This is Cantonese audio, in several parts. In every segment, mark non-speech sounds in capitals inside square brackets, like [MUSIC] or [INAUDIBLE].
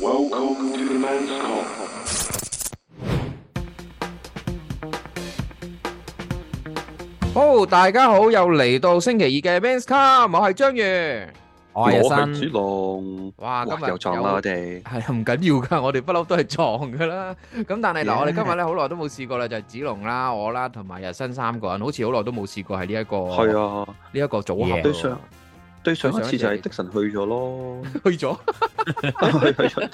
Welcome to the Men's Come! 哦，大家好，又嚟到星期二嘅 Men's Come，我係章魚，我係日新，子龍，哇，今日又撞啦我哋，係，唔緊要噶，我哋不嬲都係撞噶啦。咁但係嗱，我哋今日咧好耐都冇試過啦，就係子龍啦、我啦同埋日新三個人，好似好耐都冇試過係呢一個係啊，呢一個組合。最上一次就係的神去咗咯，去咗，去去咗，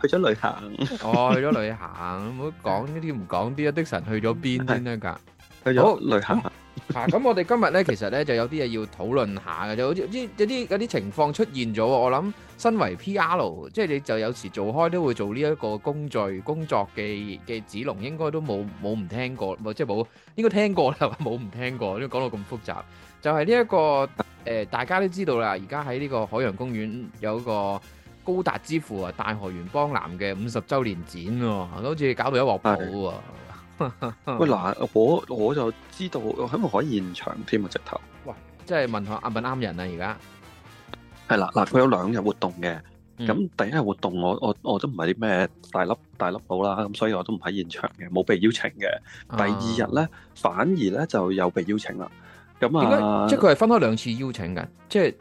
去咗旅行。哦，去咗旅行，唔好講呢啲，唔講啲啊！的神去咗邊先得？噶，去咗旅行。啊，咁我哋今日咧，其實咧就有啲嘢要討論下嘅，就好似啲有啲有啲情況出現咗。我諗身為 PR，即係你就有時做開都會做呢一個工序工作嘅嘅子龍，應該都冇冇唔聽過，唔即係冇應該聽過啦，冇唔聽過。因為講到咁複雜，就係呢一個。誒、呃，大家都知道啦，而家喺呢個海洋公園有個高達之父啊，大河原邦男嘅五十周年展，好似搞到一鑊泡喎。的 [LAUGHS] 喂嗱，我我就知道，我喺咪以現場添啊，直頭。哇！即係問下啱唔啱人啊？而家係啦，嗱，佢有兩日活動嘅，咁、嗯、第一日活動我我我都唔係咩大粒大粒佬啦，咁所以我都唔喺現場嘅，冇被邀請嘅。第二日咧，反而咧就有被邀請啦。啊啊咁點解？即係佢係分開兩次邀請嘅，即係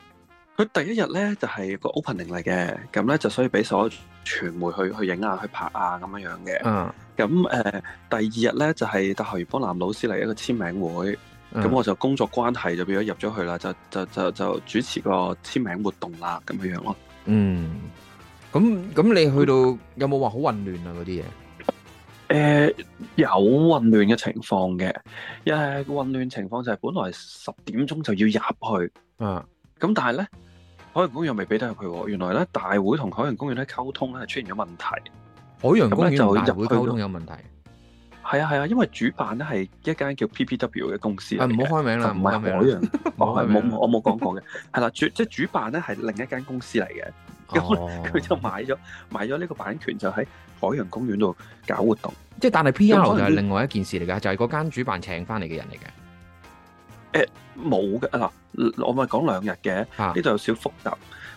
佢、啊、第一日咧就係、是、個 opening 嚟嘅，咁咧就所以俾所有傳媒去去影啊，去拍啊咁樣樣嘅。嗯。咁、呃、誒，第二日咧就係特校余邦南老師嚟一個簽名會，咁、啊、我就工作關係就變咗入咗去啦，就就就就主持個簽名活動啦，咁樣樣咯。嗯。咁咁，你去到有冇話好混亂啊？嗰啲嘢？誒，uh, 有混亂嘅情況嘅，誒，混亂情況就係本來十點鐘就要入去，啊，咁但係咧海洋公園又未俾得入去，原來咧大會同海洋公園咧溝通咧出現咗問題，海洋公園大會溝通有問題，係啊係啊，因為主辦咧係一間叫 PPW 嘅公司，唔好開名啦，唔係海洋，我冇我冇講過嘅，係啦， [LAUGHS] [LAUGHS] 主即係主辦咧係另一間公司嚟嘅。咁佢、哦、就買咗買咗呢個版權，就喺海洋公園度搞活動。即係，但係 PR 就係另外一件事嚟嘅，嗯、就係嗰間主辦請翻嚟嘅人嚟嘅。誒、欸，冇嘅嗱，我咪講兩日嘅，呢度、啊、有少複雜。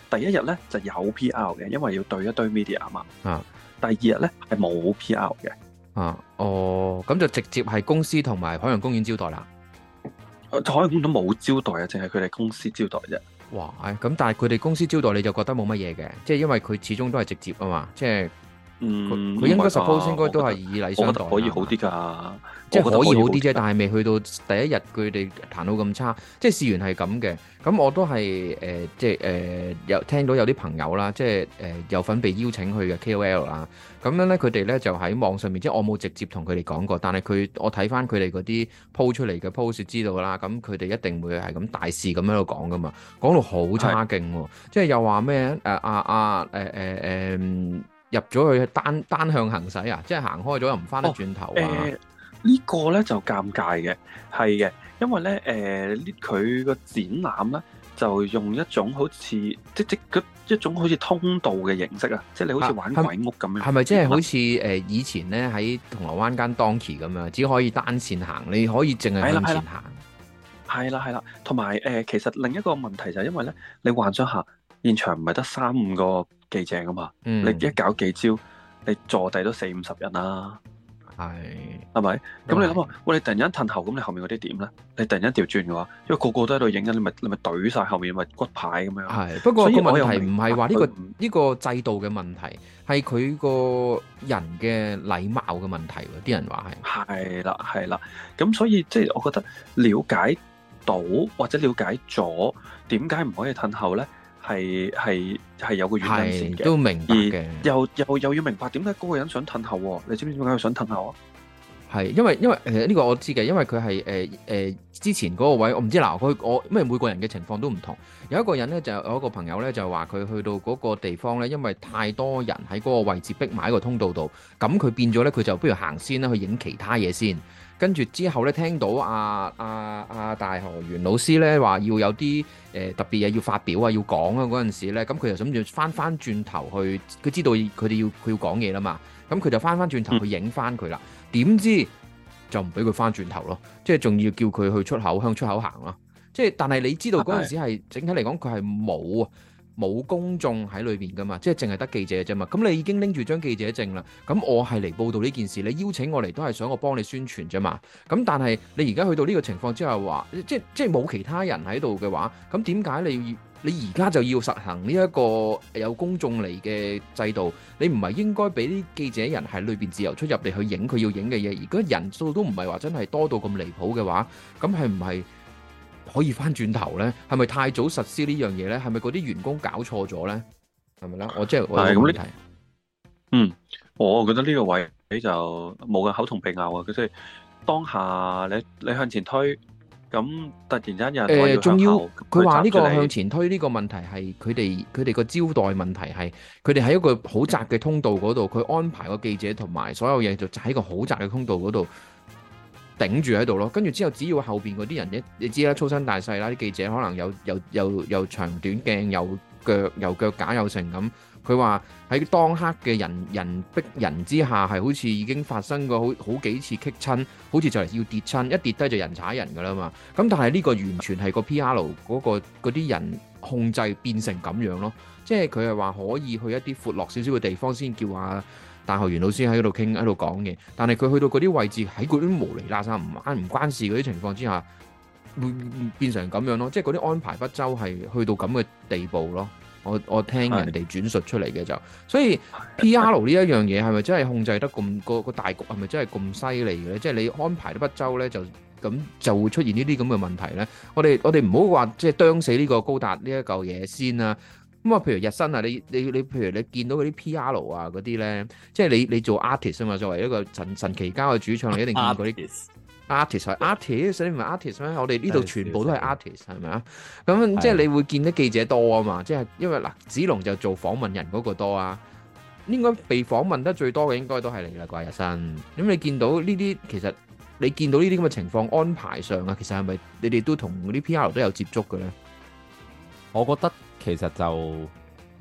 第一日咧就有 PR 嘅，因為要對一堆 media 啊嘛。啊，第二日咧係冇 PR 嘅。啊，哦，咁就直接係公司同埋海洋公園招待啦。海洋公園冇招待啊，淨係佢哋公司招待啫。哇！唉，咁但係佢哋公司招待你就覺得冇乜嘢嘅，即係因為佢始終都係直接啊嘛，即係。嗯，佢應該 suppose 應該都係以禮相待，可以好啲噶。即係吧可以好啲啫，但係未去到第一日佢哋談到咁差，即係試完係咁嘅。咁我都係誒，即係誒有聽到有啲朋友啦，即係誒有份被邀請去嘅 KOL 啊，咁樣咧佢哋咧就喺網上面，即係我冇直接同佢哋講過，但係佢我睇翻佢哋嗰啲 po 出嚟嘅 post 知道啦。咁佢哋一定會係咁大肆咁樣度講噶嘛，講到好差勁喎、啊，即係又話咩？誒是啊啊誒誒誒！啊啊啊啊啊啊啊入咗去單單向行駛啊，即係行開咗又唔翻得轉頭啊！哦呃這個、呢個咧就尷尬嘅，係嘅，因為咧誒，佢、呃、個展覽咧就用一種好似即即一種好似通道嘅形式啊，即係你好似玩鬼屋咁樣，係咪即係好似誒以前咧喺銅鑼灣間 Donkey 咁樣，只可以單線行，你可以淨係向前行。係啦係啦，同埋誒，其實另一個問題就係因為咧，你幻想下，現場唔係得三五個。幾正啊嘛！你一搞幾招，你坐地都四五十人啦。係係咪？咁你諗下，喂你突然間褪後，咁你後面嗰啲點咧？你突然間一掉轉嘅話，因為個個都喺度影緊，你咪你咪懟曬後面，咪骨牌咁樣。係，不過個問題唔係話呢個呢個制度嘅問題，係佢個人嘅禮貌嘅問題喎。啲人話係係啦係啦，咁所以即係我覺得瞭解到或者瞭解咗點解唔可以褪後咧？係係係有個原因嘅，都明白嘅。又又要明白點解嗰個人想褪後，啊？你知唔知點解佢想褪後啊？係因為因為誒呢、呃這個我知嘅，因為佢係誒誒之前嗰個位我唔知嗱，佢我咩每個人嘅情況都唔同。有一個人咧就有一個朋友咧就話佢去到嗰個地方咧，因為太多人喺嗰個位置逼埋喺個通道度，咁佢變咗咧，佢就不如行先啦，去影其他嘢先。跟住之後咧，聽到阿阿阿大河源老師咧話要有啲誒、呃、特別嘢要發表啊，要講啊嗰陣時咧，咁佢就諗住翻翻轉頭去，佢知道佢哋要佢要講嘢啦嘛，咁佢就翻翻轉頭去影翻佢啦。點、嗯、知就唔俾佢翻轉頭咯，即係仲要叫佢去出口向出口行咯。即係但係你知道嗰陣時係的整體嚟講，佢係冇啊。冇公眾喺裏邊噶嘛，即係淨係得記者嘅啫嘛。咁你已經拎住張記者證啦，咁我係嚟報道呢件事，你邀請我嚟都係想我幫你宣傳啫嘛。咁但係你而家去到呢個情況之下話，即係冇其他人喺度嘅話，咁點解你要，你而家就要實行呢一個有公眾嚟嘅制度？你唔係應該俾啲記者人喺裏邊自由出入嚟去影佢要影嘅嘢？如果人數都唔係話真係多到咁離譜嘅話，咁係唔係？可以翻轉頭咧，係咪太早實施呢樣嘢咧？係咪嗰啲員工搞錯咗咧？係咪啦？我即係我係咁睇。嗯，我覺得呢個位你就冇嘅口同鼻拗啊！佢即係當下你你向前推，咁突然之間又攞咗向後，佢話呢個向前推呢個問題係佢哋佢哋個招待問題係佢哋喺一個好窄嘅通道嗰度，佢安排個記者同埋所有嘢就就喺個好窄嘅通道嗰度。頂住喺度咯，跟住之後只要後邊嗰啲人一，你知啦，粗身大細啦，啲記者可能有又又又長短鏡有腳又腳架又成咁，佢話喺當刻嘅人人逼人之下係好似已經發生過好好幾次棘親，好似就嚟要跌親，一跌低就人踩人噶啦嘛。咁但係呢個完全係個 P.R. 嗰個嗰啲人控制變成咁樣咯，即係佢係話可以去一啲闊落少少嘅地方先叫話。大學員老師喺度傾，喺度講嘅。但係佢去到嗰啲位置，喺嗰啲無厘啦沙唔關唔關事嗰啲情況之下，會,會變成咁樣咯。即係嗰啲安排不周，係去到咁嘅地步咯。我我聽人哋轉述出嚟嘅就，的所以 P R 呢一樣嘢係咪真係控制得咁個個大局係咪真係咁犀利嘅咧？即係你安排得不周咧，就咁就,就會出現呢啲咁嘅問題咧。我哋我哋唔好話即係啄死呢個高達呢一嚿嘢先啊！咁啊，譬如日新啊，你你你，譬如你見到嗰啲 PR 啊嗰啲咧，即係你你做 artist 啊嘛，作為一個神神奇交嘅主唱，你一定見過呢啲。artist 係 artist，你唔係 artist 咩？我哋呢度全部都係 artist 係咪啊？咁即係你會見得記者多啊嘛，即係因為嗱，子龍就做訪問人嗰個多啊，應該被訪問得最多嘅應該都係你啦，啩日新。咁你見到呢啲，其實你見到呢啲咁嘅情況安排上啊，其實係咪你哋都同嗰啲 PR 都有接觸嘅咧？我覺得。其實就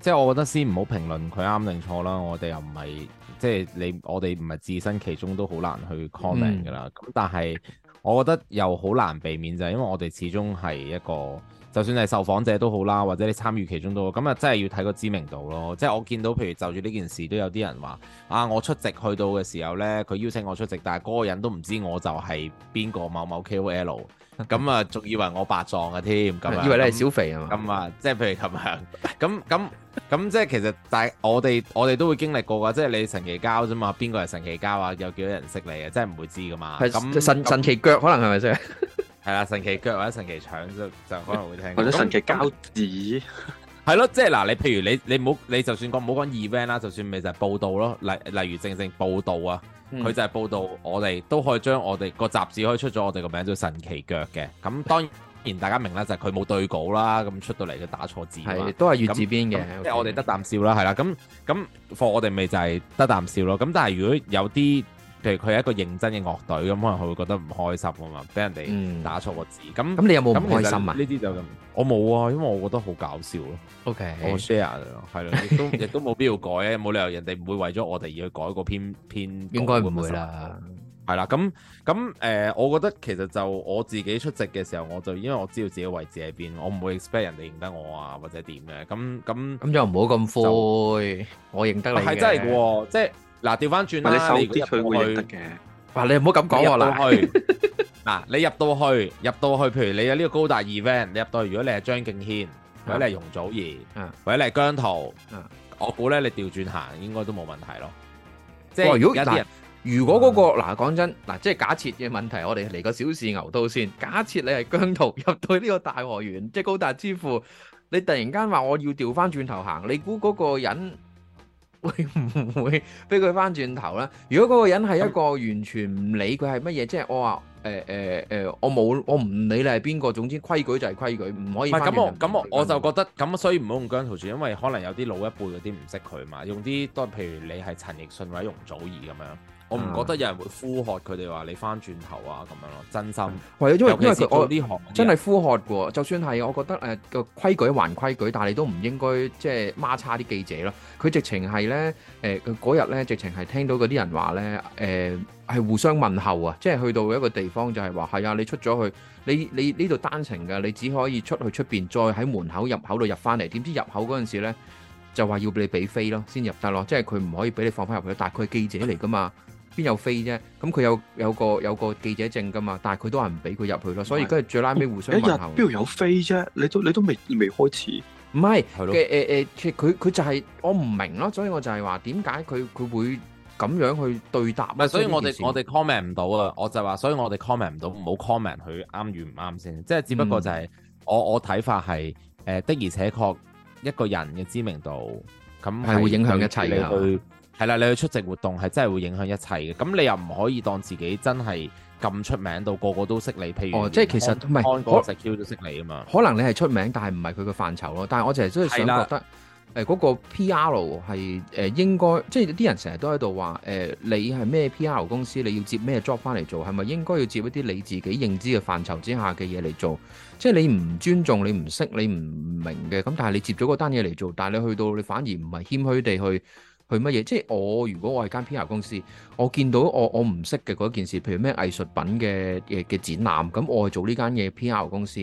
即係我覺得先唔好評論佢啱定錯啦，我哋又唔係即係你，我哋唔係置身其中都好難去 comment 㗎啦。咁、嗯、但係我覺得又好難避免，就係因為我哋始終係一個。就算係受訪者都好啦，或者你參與其中都好。咁啊真係要睇個知名度咯。即係我見到，譬如就住呢件事，都有啲人話：啊，我出席去到嘅時候呢，佢邀請我出席，但係嗰個人都唔知我就係邊個某某 KOL，咁啊仲以為我白撞嘅添，以為你係小肥啊嘛，咁啊即係譬如咁樣，咁咁咁即係其實但係我哋我哋都會經歷過㗎，即係你神奇交啫嘛，邊個係神奇交啊？有幾多人識你啊？真係唔會知㗎嘛。係是 [LAUGHS] 神神奇腳可能係咪先？ [LAUGHS] [LAUGHS] 係啦，神奇腳或者神奇腸就就可能會聽，神奇膠紙，係咯那，即係嗱，你譬如你你唔好你就算講唔好講 event 啦，就算咪就係報道咯，例例如正正報道啊，佢、嗯、就係報道我哋都可以將我哋個雜誌可以出咗我哋個名叫神奇腳嘅，咁當然大家明啦，就係佢冇對稿啦，咁出到嚟佢打錯字都係粵字邊嘅，即係那像我哋得啖笑啦，係啦，咁咁貨我哋咪就係得啖笑咯，咁但係如果有啲。譬如佢係一個認真嘅樂隊，咁可能佢會覺得唔開心啊嘛，俾人哋打錯個字。咁咁、嗯、但你有冇唔開心啊？呢啲就咁，我冇啊，因為我覺得好搞笑咯。O Okay . K，我 share 咯，係咯，亦都亦 [LAUGHS] 都冇必要改啊，冇理由人哋唔會為咗我哋而去改個編編。編編編編應該唔會啦，係啦，咁咁誒，我覺得其實就我自己出席嘅時候，我就因為我知道自己位置喺邊，我唔會 expect 人哋認得我啊，或者點嘅。咁咁咁就唔好咁灰，就我認得你係但但真係嘅，即係。嗱，調翻轉啦，你入去得嘅。哇，你唔好咁講喎，嗱去。嗱，你入到去，入到去，譬如你有呢個高達 event，你入到去，如果你係張敬軒，或者你係容祖兒，或者你係姜濤，我估咧你調轉行應該都冇問題咯。即係如果大，如果嗰個嗱講真嗱，即係假設嘅問題，我哋嚟個小試牛刀先。假設你係姜濤入到呢個大河園，即係高達之父，你突然間話我要調翻轉頭行，你估嗰個人？會唔會俾佢翻轉頭咧？如果嗰個人係一個完全唔理佢係乜嘢，即係我話誒誒誒，我冇我唔理你係邊個，總之規矩就係規矩，唔可以。咁我咁我就覺得咁， [LAUGHS] 所以唔好用姜濤住，因為可能有啲老一輩嗰啲唔識佢嘛，用啲多譬如你係陳奕迅或者容祖兒咁樣。我唔覺得有人會呼喝佢哋話你翻轉頭啊咁樣咯，真心係因為其做我做呢行真係呼喝嘅、啊、就算係我覺得誒個、呃、規矩還規矩，但係你都唔應該即係孖叉啲記者咯。佢直情係咧誒嗰日咧，呃、呢直情係聽到嗰啲人話咧誒係互相問候啊，即係去到一個地方就係話係啊，你出咗去，你你呢度單程嘅，你只可以出去出邊，再喺門口入口度入翻嚟。點知入口嗰陣時咧就話要俾你俾飛咯，先入得咯，即係佢唔可以俾你放翻入去。但係佢係記者嚟噶嘛？ [LAUGHS] 邊有飛啫？咁佢有有個有個記者證噶嘛？但係佢都話唔俾佢入去咯，是所以跟住最拉尾互相問候。邊度有飛啫？你都你都未未開始。唔係嘅誒誒，佢佢了、呃呃、就係、是、我唔明咯，所以我就係話點解佢佢會咁樣去對答？唔所以我哋我哋 comment 唔到啦！我就話，所以我哋 comment 唔到，唔好 comment 佢啱與唔啱先。即係只不過就係、是嗯、我我睇法係誒、呃、的而且確一個人嘅知名度，咁係會影響一切嘅。嗯係啦，你去出席活動係真係會影響一切嘅。咁你又唔可以當自己真係咁出名到個個都識你。譬如，哦、即係其實唔係都識你啊嘛。嗯、不可能你係出名，但係唔係佢嘅範疇咯。但係我淨係真係想覺得，誒嗰的、呃嗰個 P R 係誒、呃、應該，即係啲人成日都喺度話誒，你係咩 P R 公司，你要接咩 job 翻嚟做，係咪應該要接一啲你自己認知嘅範疇之下嘅嘢嚟做？即係你唔尊重、你唔識、你唔明嘅咁，但係你接咗嗰單嘢嚟做，但係你去到你反而唔係謙虛地去。去乜嘢？即係我如果我係間 PR 公司，我見到我我唔識嘅嗰件事，譬如咩藝術品嘅嘅展覽，咁我去做呢間嘢 PR 公司，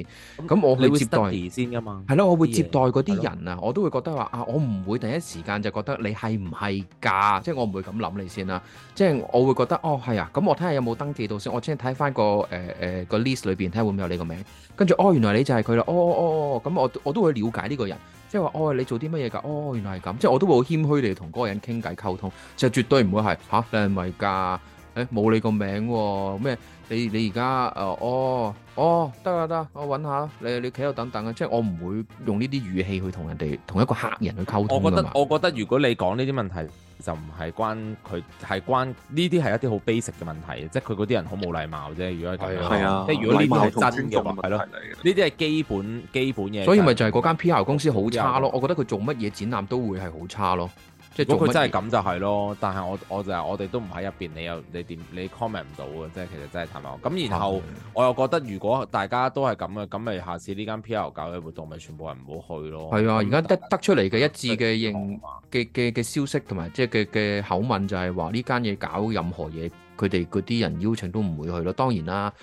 咁我去接待先噶嘛？係咯，我會接待嗰啲人啊，的我都會覺得話啊，我唔會第一時間就覺得你係唔係㗎，即係我唔會咁諗你先啦。即係我會覺得哦係啊，咁我睇下有冇登記到先，我先睇翻個誒誒、呃呃、個 list 裏邊睇下會唔會有你個名，跟住哦，原來你就係佢啦，哦哦哦，咁、哦、我我都會了解呢個人。即係話，哦，你做啲乜嘢㗎？哦，原來係咁，即係我都會好謙虛地同嗰個人傾偈溝通，就絕對唔會係吓，你係咪㗎？誒冇、哎、你個名喎咩？你你而家誒哦哦得啊，啊，得啦，我揾下啦。你你企喺度等等啊！即係我唔會用呢啲語氣去同人哋同一個客人去溝通啊嘛。我覺得我覺得如果你講呢啲問題，就唔係關佢係關呢啲係一啲好 basic 嘅問題， [MUSIC] 即係佢嗰啲人好冇禮貌啫。的如果係，係啊，即係如果呢啲係真嘅話，係咯，呢啲係基本基本嘢。所以咪就係嗰間 P.R. 公司好差咯。我覺得佢做乜嘢展覽都會係好差咯。即如果佢真係咁就係咯，但係我我就係、是、我哋都唔喺入邊，你又你點你 comment 唔到嘅，即係其實真係太話。咁然後的我又覺得如果大家都係咁嘅，咁咪下次呢間 PR 搞嘅活動咪全部人唔好去咯。係啊，而家得得出嚟嘅一致嘅認嘅嘅嘅消息同埋即係嘅嘅口吻就係話呢間嘢搞任何嘢，佢哋嗰啲人邀請都唔會去咯。當然啦。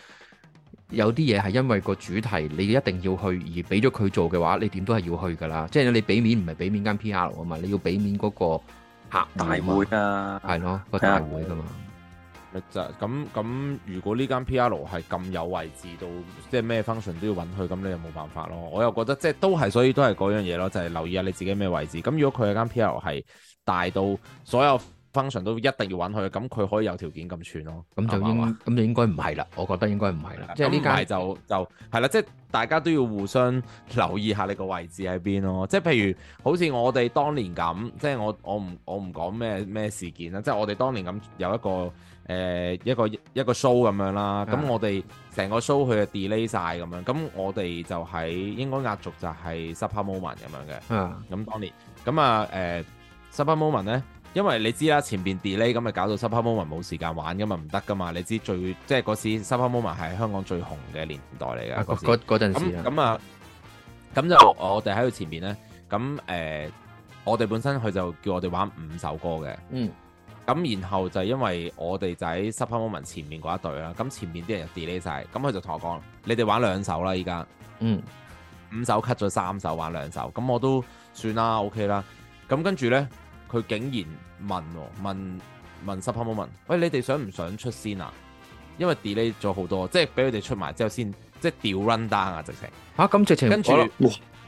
有啲嘢，係因為個主題你一定要去，而俾咗佢做嘅話，你點都係要去噶啦。即係你俾面唔係俾面間 PR 啊嘛，你要俾面嗰個客大會啊，係咯，個 [MUSIC] 大會噶嘛。咁咁、嗯，嗯、如果呢間 PR 係咁有位置到，即係咩 function 都要允去，咁你又冇辦法咯。我又覺得即係都係，所以都係嗰樣嘢咯，就係、是、留意下你自己咩位置。咁如果佢係間 PR 係大到所有，function 都一定要允佢，咁佢可以有條件咁串咯，咁就應咁吧就應該唔係啦，我覺得應該唔係啦，即係呢個就就係啦，即係大家都要互相留意下你個位置喺邊咯。即係譬如好似我哋當年咁，即係我我唔我唔講咩咩事件啦，即係我哋當年咁有一個誒、呃、一個一個 show 咁樣啦，咁的我哋成個 show 佢嘅 delay 晒咁樣，咁我哋就喺、是、應該壓軸就係 Supper Moment 咁樣嘅，咁的當年咁啊誒 Supper Moment 咧。因為你知啦、啊，前邊 delay 咁咪搞到 Super Moment 冇時間玩，噶嘛，唔得噶嘛？你知最即係嗰時 Super Moment 係香港最紅嘅年代嚟噶，嗰嗰陣時咁啊，咁時、啊、就我哋喺佢前面呢。咁誒、呃，我哋本身佢就叫我哋玩五首歌嘅，嗯，咁然後就因為我哋就喺 Super Moment 前面嗰一隊啦，咁前面啲人就 delay 晒，咁佢就同我講，你哋玩兩首啦，依家，嗯，五首 cut 咗三首，玩兩首，咁我都算啦，OK 啦，咁跟住呢。佢竟然問問問 Supper Moment 問，問問 é, 喂你哋想唔想出先啊？因為 delay 咗好多，即係俾佢哋出埋之後先，即係掉 run down 啊！直情嚇咁，直情跟住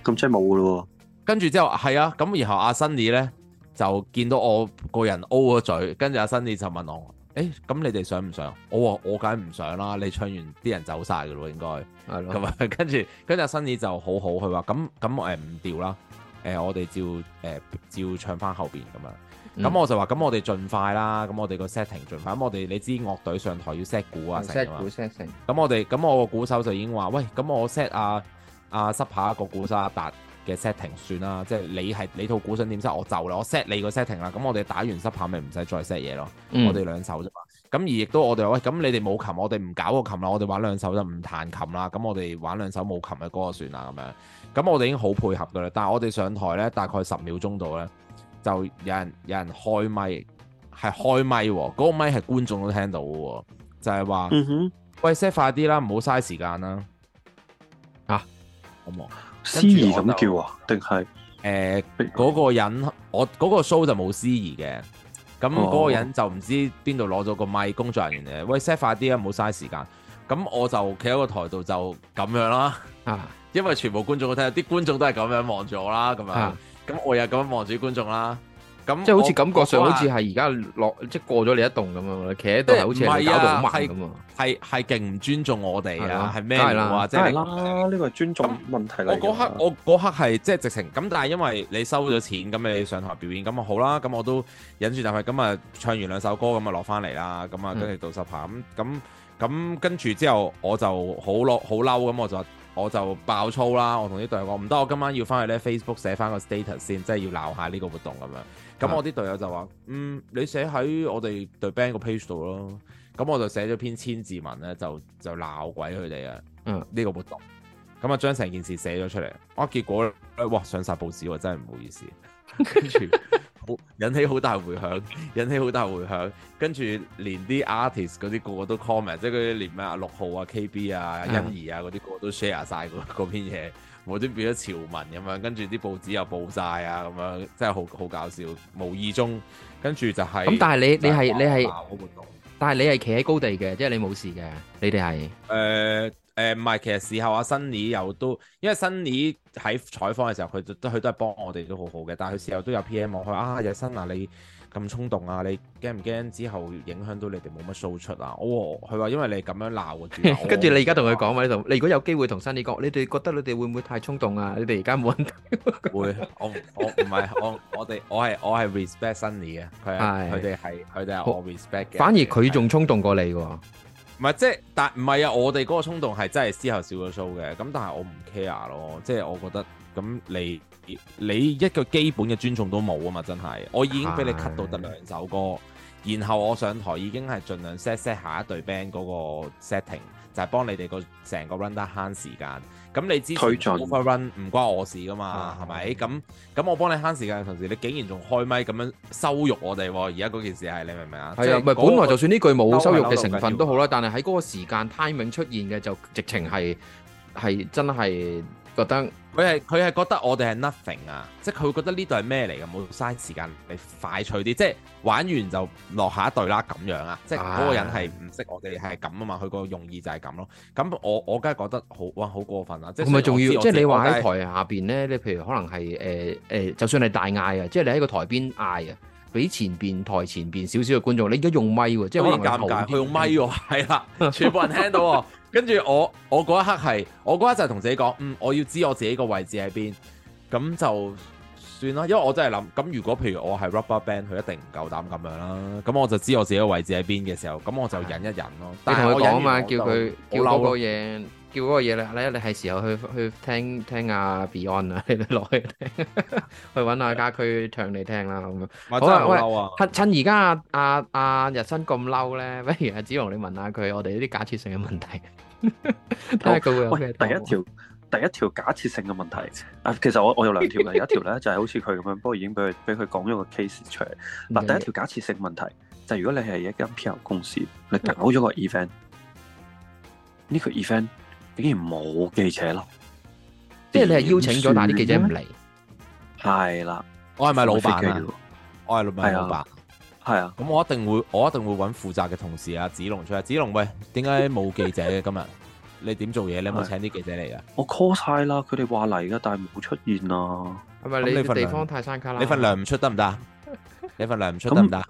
咁即係冇咯喎！說跟住之後係啊，咁然後阿新宇咧就見到我個人 O 咗嘴，跟住阿新宇就問我：，誒咁、欸、你哋想唔想？我話我梗唔想啦、啊，你唱完啲人走曬噶咯，應該係咯，同埋跟住跟住阿新宇就好好，佢話：咁咁誒唔掉啦。誒、呃，我哋照誒、呃，照唱翻後邊咁樣。咁、嗯、我就話，咁我哋盡快啦。咁我哋個 setting 盡快。咁我哋，你知樂隊上台要 set 鼓啊，set 鼓 set 成。咁我哋，咁我個鼓手就已經話：喂，咁我 set 阿阿濕下個鼓手阿達嘅 setting 算啦。即係你係你套鼓想點 set 我就啦，我 set 你個 setting 啦。咁我哋打完濕下咪唔使再 set 嘢咯。嗯、我哋兩手啫嘛。咁而亦都我哋話：喂，咁你哋冇琴，我哋唔搞個琴啦。我哋玩兩首就唔彈琴啦。咁我哋玩兩首冇琴嘅歌算啦。咁樣。咁我哋已經好配合噶啦，但係我哋上台咧，大概十秒鐘度咧，就有人有人開咪，係開咪喎，嗰個咪係觀眾都聽到嘅，就係話，嗯哼，喂 set 快啲啦，唔好嘥時間啦，啊，好冇，司儀咁叫啊？定係誒嗰個人，我嗰個 show 就冇司儀嘅，咁嗰個人就唔知邊度攞咗個咪，工作人員，哦，喂 set 快啲啊，唔好嘥時間，咁我就企喺個台度就咁樣啦，啊。因為全部觀眾都睇，啲觀眾都係咁樣望住我啦，咁樣，咁我又咁樣望住觀眾啦，咁即係好似感覺上好似係而家落，即係過咗你一棟咁樣，企喺度好似喺度搞到壞咁啊，係係勁唔尊重我哋啊，係咩？或者係啦，呢個係尊重問題嚟。我嗰刻我嗰刻係即係直情咁，但係因為你收咗錢，咁你上台表演咁啊好啦，咁我都忍住，但係咁啊唱完兩首歌咁啊落翻嚟啦，咁啊跟住到十下咁咁咁跟住之後我就好好嬲，咁我就。我就爆粗啦！我同啲隊友講唔得，我今晚要返去咧 Facebook 寫返個 status 先，即係要鬧下呢個活動咁樣。咁我啲隊友就話：的嗯，你寫喺我哋隊 band 個 page 度咯。咁我就寫咗篇千字文咧，就就鬧鬼佢哋啊！嗯，呢個活動咁啊，將成件事寫咗出嚟，啊。哇！結果哇上曬報紙喎，真係唔好意思。跟住。引起好大回響，引起好大回響，跟住連啲 artist 嗰啲個個都 comment，即係佢連咩阿六號啊、KB 啊、欣宜啊嗰啲個個都 share 晒嗰嗰篇嘢，無端變咗潮文咁樣，跟住啲報紙又報晒啊，咁樣真係好好搞笑，無意中跟住就係、係咁。但係你你係你係，但係你係企喺高地嘅，即係你冇事嘅，你哋係誒。呃誒唔係，其實事後阿 Sunny 又都，因為 Sunny 喺採訪嘅時候，佢都佢都係幫我哋都好好嘅。但係佢事後都有 PM 我，佢話啊，日新啊，你咁衝動啊，你驚唔驚之後影響到你哋冇乜 output 啊？我佢話因為你咁樣鬧， [LAUGHS] 跟住你而家同佢講嘛，呢度。你如果有機會同 Sunny 講，你哋覺得你哋會唔會太衝動啊？你哋而家冇人會，我我唔係 [LAUGHS] 我我哋我係我係 respect Sunny 嘅，佢哋係佢哋係我 respect 嘅。好反而佢仲衝動過你喎。唔係即係，但唔係啊！我哋嗰個衝動係真係之後少咗 show 嘅，咁但係我唔 care 咯。即係我覺得，咁你你一個基本嘅尊重都冇啊嘛！真係，我已經俾你 cut 到得兩首歌，哎、然後我上台已經係盡量 set set 下一隊 band 嗰個 setting，就係幫你哋個成個 runner 慳時間。咁你知 overrun 唔關我事噶嘛，係咪、嗯？咁咁我幫你慳時間嘅同時，你竟然仲開咪咁樣羞辱我哋、啊，而家嗰件事係你明唔明啊？係啊的，唔係、那個、本來就算呢句冇羞辱嘅成分都好啦，但係喺嗰個時間 timing 出現嘅就直情係係真係覺得。佢係佢係覺得我哋係 nothing 啊，即係佢會覺得呢度係咩嚟嘅，冇嘥時間，你快脆啲，即係玩完就落下一隊啦咁樣啊！即係嗰個人係唔識我哋係咁啊嘛，佢個用意就係咁咯。咁我我梗係覺得好哇，好過分啊！即係佢咪仲要？即係你話喺台下邊咧，你譬如可能係誒誒，就算你大嗌啊，即係你喺個台邊嗌啊，俾前邊台前邊少少嘅觀眾，你而家用咪喎，即係可能尷尬，佢用咪喎，係啦，全部人聽到。跟住我，我嗰一刻係，我嗰一刻就同自己講，嗯，我要知我自己個位置喺邊，咁就算啦。因為我真係諗，咁如果譬如我係 Rubber Band，佢一定唔夠膽咁樣啦。咁我就知我自己個位置喺邊嘅時候，咁我就忍一忍咯。的但同佢講啊嘛，叫佢他就叫漏個嘢。叫嗰個嘢咧，咧你係時候去去聽聽下 Beyond 啊，你落去聽，去搵下家駒唱你聽啦咁樣。真係好嬲啊！趁趁而家阿阿阿日新咁嬲咧，不如阿子龍你問下佢，我哋呢啲假設性嘅問題，睇下佢會。第一條，第一條假設性嘅問題。啊，其實我我有兩條嘅，有一條咧就係好似佢咁樣，不過已經俾佢俾佢講咗個 case 出嚟。嗱，第一條假設性問題就係如果你係一間 PR 公司，你搞咗個 event，呢個 event，竟然冇記者咯，即係你係邀請咗，但啲記者唔嚟。係啦了，我係咪老闆，我係老闆，係啊，係啊。咁、啊、我一定會，我一定會揾負責嘅同事阿子龍出。子龍，喂，點解冇記者嘅、啊、 [LAUGHS] 今日？你點做嘢？你有冇請啲記者嚟啊？我 call 晒啦，佢哋話嚟噶，但係冇出現啊。係咪你地方太山旮旯？你份糧唔出得唔得？你份糧唔出得唔得？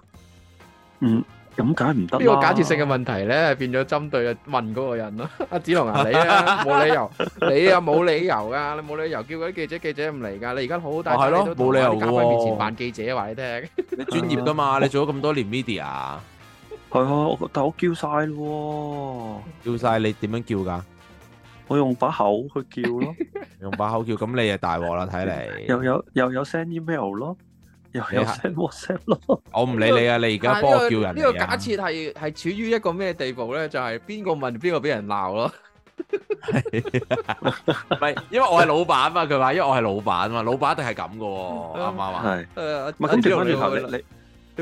嗯。咁梗係唔得啦！呢個假設性嘅問題咧，變咗針對問嗰個人咯。阿子龍啊，你啊，冇理由，你啊冇理由噶，你冇理由叫啲記者，記者唔嚟噶。你而家好好大鑊咯，冇理由喺佢面前扮記者話你聽。你專業噶嘛？你做咗咁多年 media，係啊，但我叫晒咯，叫晒你點樣叫噶？我用把口去叫咯，用把口叫，咁你又大鑊啦，睇嚟又有又有 send email 咯。S 又有聲 send WhatsApp 咯，我唔理你啊，你而家幫我叫人呢、呢個呢個假設係係處於一個咩地步咧？就係邊個問邊個俾人鬧咯。係， [LAUGHS] [LAUGHS] [LAUGHS] 因為我係老闆嘛，佢話因為我係老闆嘛，老闆一定係咁嘅，啱唔啱啊？係是。咁點解你？你你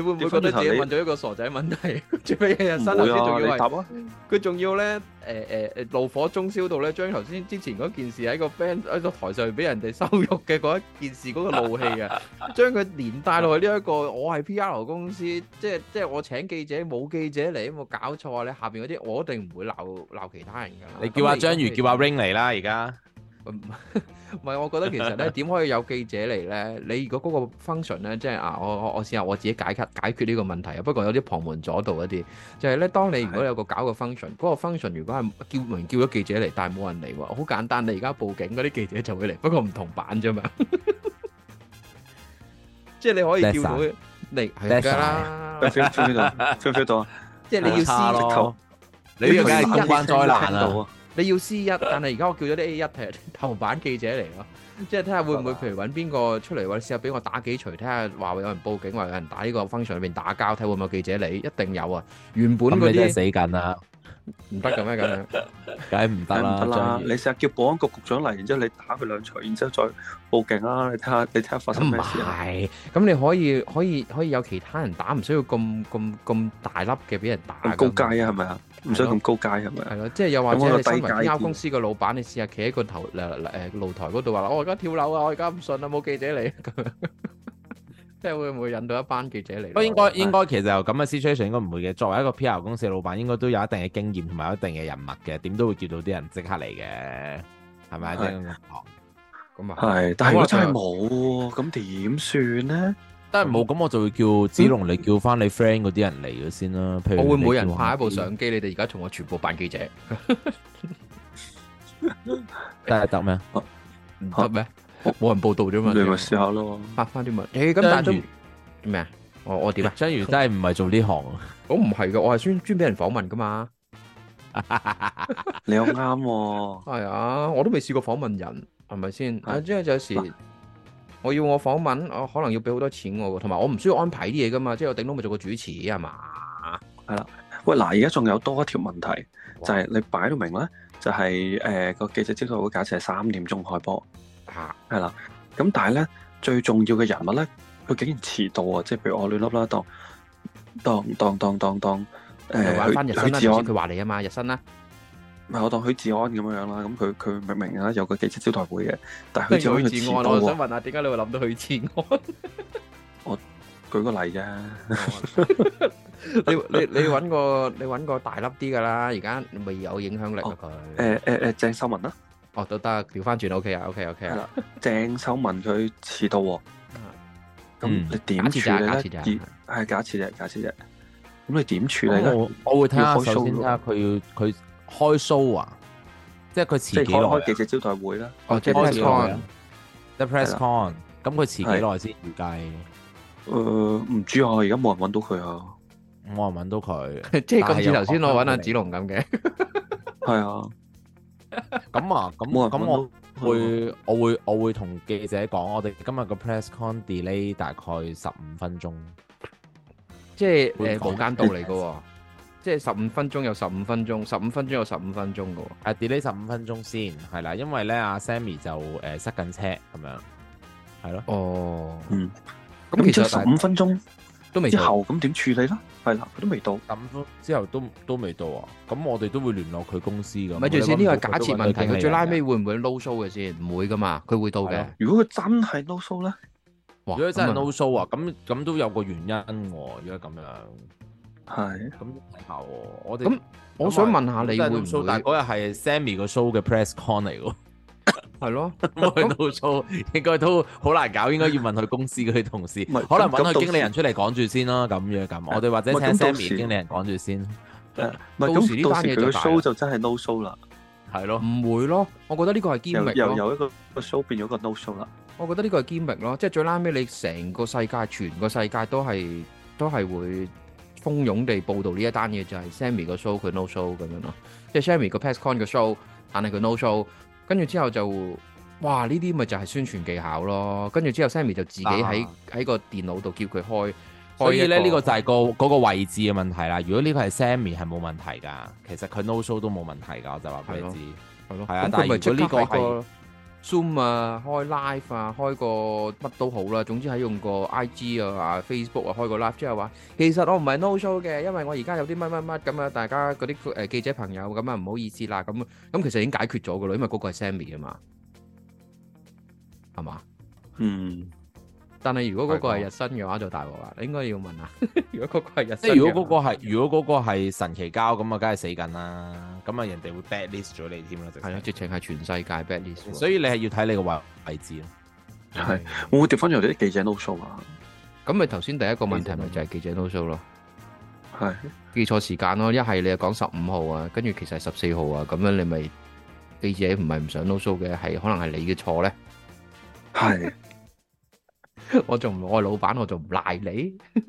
你會唔會覺得自己問咗一個傻仔問題？最尾日日新頭先仲要係佢仲要咧？誒誒誒，怒火中燒到咧，將頭先之前嗰件事喺個 band 喺個台上俾人哋羞辱嘅嗰一件事嗰、嗰個怒氣啊，將佢 [LAUGHS] 連帶落去呢一個 [LAUGHS] 我係 P R 公司，即係即係我請記者，冇記者嚟，冇搞錯啊，你下邊嗰啲我一定唔會鬧鬧其他人噶啦。你叫阿章魚，叫阿、啊、Ring 嚟啦，而家。唔係，我覺得其實咧，點可以有記者嚟咧？你如果嗰個 function 咧，即係啊，我我我試下我自己解決解決呢個問題啊。不過有啲旁門左道一啲，就係咧，當你如果有個搞個 function，嗰個 function 如果係叫明叫咗記者嚟，但係冇人嚟喎。好簡單，你而家報警，嗰啲記者就會嚟，不過唔同版啫嘛。即係你可以叫佢嚟，係噶啦。跳跳到，跳跳到啊！即係你要試，你要唔關災難難度啊？你要 C 一，但係而家我叫咗啲 A 一，係頭版記者嚟咯，即係睇下會唔會，譬如揾邊個出嚟，或者試下俾我打幾錘，睇下話會有人報警，話有人打呢個 function 裏邊打交，睇會唔會有記者嚟，一定有啊。原本嗰啲都死緊啦，唔得噶咩，咁樣，梗係唔得啦。得啦，你成日叫保安局局長嚟，然之後你打佢兩錘，然之後再報警啦。你睇下，你睇下發生咩事。唔係，咁你可以可以可以有其他人打，唔需要咁咁咁大粒嘅俾人打咁高階啊，係咪啊？唔想咁高階，係咪？係咯，即係又或者你身為 PR 公司嘅老闆，你試下企喺個頭誒誒、呃呃、露台嗰度話我而家跳樓啊，我而家唔信啊，冇記者嚟。 [LAUGHS] 即係會唔會引到一班記者嚟？ [MUSIC] 應該應該其實就咁嘅 situation 應該唔會嘅。作為一個 PR 公司嘅老闆，應該都有一定嘅經驗同埋一定嘅人脈嘅，點都會叫到啲人即刻嚟嘅，係咪？即咁啊，係。 [MUSIC] 但係如果真係冇，咁點算咧？ [MUSIC] 但係冇，咁我就會叫子龍，你叫翻你 friend 嗰啲人嚟咗先啦。譬如我會每人派一部相機，你哋而家同我全部扮記者。得啊？得咩？唔得咩？冇人報道啫嘛？你咪試下咯，拍翻啲問。咦？咁但係都咩啊？哦，我點啊？真如真係唔係做呢行，我唔係噶，我係專專俾人訪問噶嘛。你好啱，係啊？我都未試過訪問人，係咪先？啊，即係有時。我要我訪問，我可能要俾好多錢我，同埋我唔需要安排啲嘢噶嘛，即係我頂多咪做個主持係嘛？係啦，喂嗱，而家仲有多一條問題，就係，是，你擺到明咧，就係誒個記者招待會，我假設係三點鐘開波，係啦，咁但係咧最重要嘅人物咧，佢竟然遲到啊！即係譬如我亂粒啦，當當當當當，誒，佢佢自愛佢話你啊嘛，日新啦。唔係我當許志安咁樣樣啦，咁佢佢明明啊，有個記者招待會嘅，但許志安佢遲到。許志安，我想問下，點解你會諗到許志安？我舉個例啫。你你你揾個你揾個大粒啲噶啦，而家未有影響力佢。誒誒誒，鄭秀文啦。哦，都得調翻轉，OK 啊，OK OK。係啦，鄭秀文佢遲到。嗯。咁你點處理咧？係假設啫，假設啫。咁你點處理咧？我我會睇下，首先睇下佢要佢。開 show 啊，即係佢遲幾耐？即係開記者招待會啦，哦，press con，the press con，咁佢遲幾耐先？預計？誒，唔知啊，而家冇人揾到佢啊，冇人揾到佢，即係好似頭先我揾阿子龍咁嘅，係啊，咁啊，咁啊，咁我會，我會，我會同記者講，我哋今日個 press con delay 大概十五分鐘，即係誒無間道嚟噶。即係十五分鐘有十五分鐘，十五分鐘有十五分鐘噶喎。阿 Delay 十五分鐘先，係啦，因為咧阿 Sammy 就誒塞緊車咁樣，係咯。哦，嗯，咁其實十五分鐘都未到，之後，咁點處理啦？係啦，佢都未到，咁之後都都未到啊？咁我哋都會聯絡佢公司噶。咪住先，呢個係假設問題？佢最拉尾會唔會 no show 嘅先？唔會噶嘛，佢會到嘅。如果佢真係 no show 咧，如果真係 no show 啊，咁咁都有個原因喎。如果咁樣。係咁睇下喎，我哋咁，我想問下你會唔會？但係嗰日係 Sammy 個 show 嘅 press con 嚟喎，係咯，no show 應該都好難搞，應該要問佢公司嗰啲同事，可能揾佢經理人出嚟講住先咯。咁樣咁，我哋或者聽 Sammy 經理人講住先。誒，唔係咁到時呢單嘢就真係 no show 啦。係咯，唔會咯，我覺得呢個係堅密咯。由一個個 show 變咗個 no show 啦。我覺得呢個係堅密咯，即係最 last 尾你成個世界，全個世界都係都係會。蜂擁地報導呢一單嘢就係 Sammy 個 show 佢 no show 咁樣咯，即係 Sammy 個 press con 個 show，但係佢 no show，跟住之後就哇呢啲咪就係宣傳技巧咯，跟住之後 Sammy 就自己喺喺、啊、個電腦度叫佢開，所以咧呢個,個就係個嗰個位置嘅問題啦。如果呢個係 Sammy 係冇問題噶，其實佢 no show 都冇問題噶，我就話俾你,、啊、你知，係咯，係啊，啊啊但係如果呢個係。Zoom 啊，開 live 啊，開個乜都好啦。總之係用個 IG 啊、Facebook 啊，開個 live，即係話其實我唔係 no show 嘅，因為我而家有啲乜乜乜咁啊。大家嗰啲誒記者朋友咁啊，唔好意思啦。咁咁其實已經解決咗㗎喇，因為嗰個係 Sammy 啊嘛，係嘛？嗯。但係如果嗰個係日新嘅話就大鑊啦，應該要問下。如果嗰個係日新，即係如果嗰個係如果嗰個係神奇膠咁啊，梗係死緊啦。咁啊，人哋會 bad list 咗你添啦。係啦，直情係全世界 bad list。所以你係要睇你個位位置咯。係會唔會跌翻咗啲記者 no show 啊？咁咪頭先第一個問題咪就係記者 no show 咯。係記錯時間咯，一係你又講十五號啊，跟住其實係十四號啊，咁樣你咪記者唔係唔想 no show 嘅，係可能係你嘅錯咧。係。 [LAUGHS] 我仲唔愛老闆，我仲唔賴你， [LAUGHS]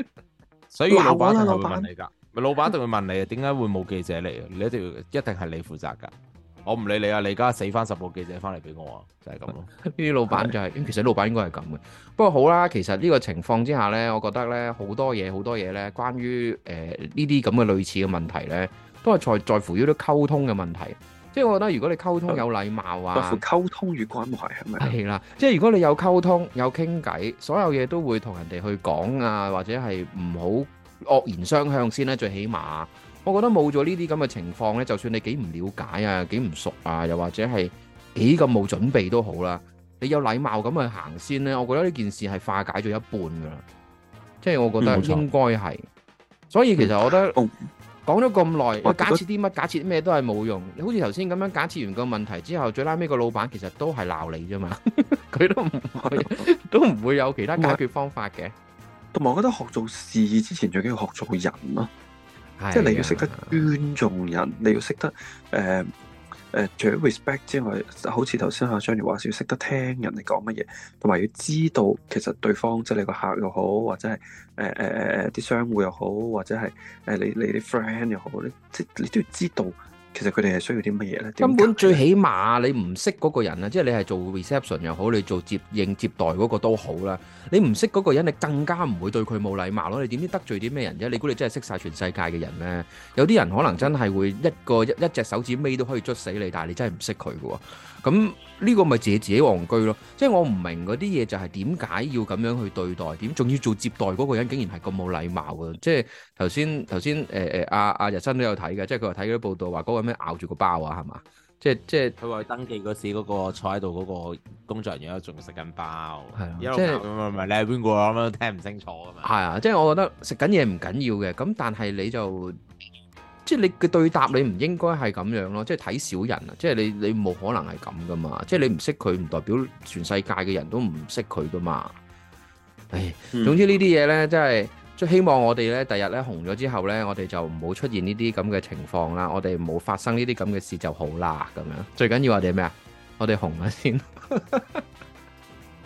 所以老闆一定會問你噶，老闆一定會問你，點解會冇記者嚟？你一定要一定係你負責噶，我唔理你啊！你而家死翻十個記者翻嚟俾我啊！就係咁咯。啲 [LAUGHS] 老闆就係、是，是其實老闆應該係咁嘅。不過好啦，其實呢個情況之下咧，我覺得咧好多嘢好多嘢咧，關於誒呢啲咁嘅類似嘅問題咧，都係在在乎於啲溝通嘅問題。即係我覺得，如果你溝通有禮貌啊，包括溝通與關懷係咪？係啦，即係如果你有溝通、有傾偈，所有嘢都會同人哋去講啊，或者係唔好惡言相向先咧、啊。最起碼、啊，我覺得冇咗呢啲咁嘅情況咧，就算你幾唔了解啊、幾唔熟啊，又或者係幾咁冇準備都好啦，你有禮貌咁去先行先咧，我覺得呢件事係化解咗一半㗎啦。即係我覺得應該係。所以其實我覺得。嗯嗯講咗咁耐，我假設啲乜假設咩都係冇用，你好似頭先咁樣假設完個問題之後，最拉尾個老闆其實都係鬧你啫嘛，佢 [LAUGHS] 都唔 [LAUGHS] 都唔會有其他解決方法嘅。同埋我覺得學做事之前，最緊要學做人咯，即係你要識得尊重人，你要識得誒。呃誒、呃，除咗 respect 之外，好似頭先阿張如話，要識得聽人哋講乜嘢，同埋要知道其實對方即係你個客又好，或者係誒誒誒誒啲商戶又好，或者係誒、呃、你你啲 friend 又好，你即係你都要知道。其實佢哋係需要啲乜嘢咧？根本最起碼你唔識嗰個人啊，即係你係做 reception 又好，你做接應接待嗰個都好啦。你唔識嗰個人，你更加唔會對佢冇禮貌咯。你點知得罪啲咩人啫？你估你真係識晒全世界嘅人咩？有啲人可能真係會一個一,一隻手指尾都可以捽死你，但係你真係唔識佢嘅喎。咁呢個咪自己自己憨居咯？即係我唔明嗰啲嘢，就係點解要咁樣去對待？點仲要做接待嗰個人，竟然係咁冇禮貌嘅？即係頭先頭先誒誒阿阿日新都有睇嘅，即係佢話睇嗰啲報道話嗰咁樣咬住個包啊，係嘛？即係即係佢話登記嗰時，嗰、那個坐喺度嗰個工作人員都仲食緊包，係一路唔唔唔，你係邊個啊？咁樣、就是、都聽唔清楚㗎嘛？係啊，即、就、係、是、我覺得食緊嘢唔緊要嘅，咁但係你就即係、就是、你嘅對答你、就是就是你，你唔應該係咁樣咯。即係睇小人啊，即係你你冇可能係咁㗎嘛。即、就、係、是、你唔識佢，唔代表全世界嘅人都唔識佢㗎嘛。唉，嗯、總之呢啲嘢咧，真係。即係希望我哋咧，第日咧紅咗之後咧，我哋就唔好出現呢啲咁嘅情況啦，我哋唔好發生呢啲咁嘅事就好啦，咁樣最緊要我哋咩啊？我哋紅咗先，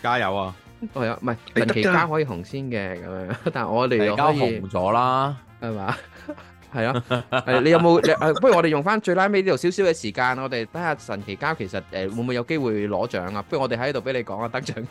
加油啊！係啊，唔係神奇膠可以紅先嘅，咁樣，但係我哋又可以紅咗啦，係嘛？係啊，誒，你有冇？誒，不如我哋用翻最 last 尾呢度少少嘅時間，我哋睇下神奇膠其實誒會唔會有機會攞獎啊？不如我哋喺度俾你講啊，得獎。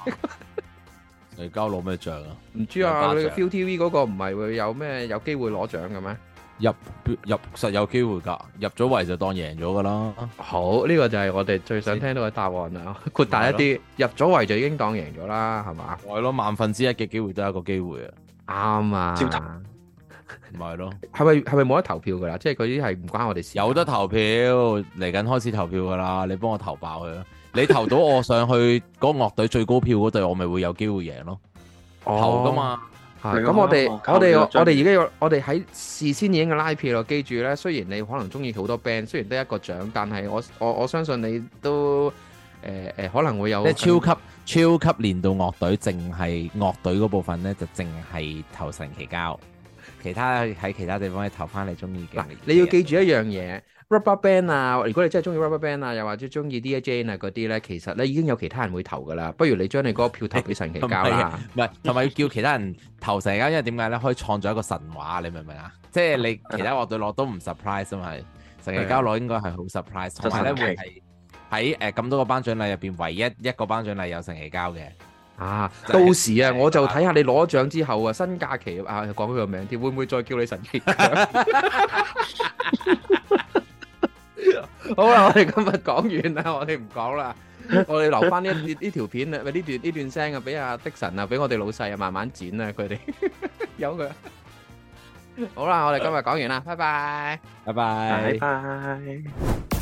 你交攞咩獎啊？唔知啊，你 ViuTV 嗰個唔係會有咩有機會攞獎嘅咩？入入實有機會噶，入咗圍就當贏咗噶啦。好，呢個就係我哋最想聽到嘅答案啦。擴大一啲， [LAUGHS] 了入咗圍就已經當贏咗啦，係嘛？係咯，萬分之一嘅機會都係一個機會啊。啱啊，超坦， [LAUGHS] 咪係咯？係咪係咪冇得投票噶啦？即係嗰啲係唔關我哋事。有得投票，嚟緊開始投票噶啦，你幫我投爆佢啦。 [LAUGHS] 你投到我上去嗰樂隊最高票嗰隊，我咪會有機會贏咯。投噶嘛，係咁、oh, 的我哋我哋我哋而家要我哋喺事先已經拉票咯，記住咧，雖然你可能中意好多 band，雖然得一個獎，但係我我我相信你都誒誒、呃、可能會有即係超級超級年度樂隊，淨係樂隊嗰部分咧就淨係投神奇膠。其他喺其他地方去投翻你中意嘅，你要記住一樣嘢，Rubber Band 啊，嗯、如果你真係中意 Rubber Band 啊，又或者中意 Dear Jane 啊嗰啲咧，其實你已經有其他人會投噶啦，不如你將你嗰票投俾神奇膠啦，唔係同埋要叫其他人投神奇膠啊，因為點解咧可以創造一個神話，你明唔明啊？即、就、係、是、你其他樂隊攞都唔 surprise 啊嘛，神奇膠攞應該係好 surprise，同埋咧會係喺誒咁多個頒獎禮入邊唯一一個頒獎禮有神奇膠嘅。啊！到時啊，我就睇下你攞獎之後啊，新假期啊，講佢個名添，會唔會再叫你神級獎？好啦，我哋今日講完啦，我哋唔講啦，我哋留翻呢呢條片啊，呢段呢段聲啊，俾阿的神啊，俾我哋老細啊，慢慢剪啊，佢哋有佢。好啦，我哋今日講完啦，拜拜，拜拜，拜拜。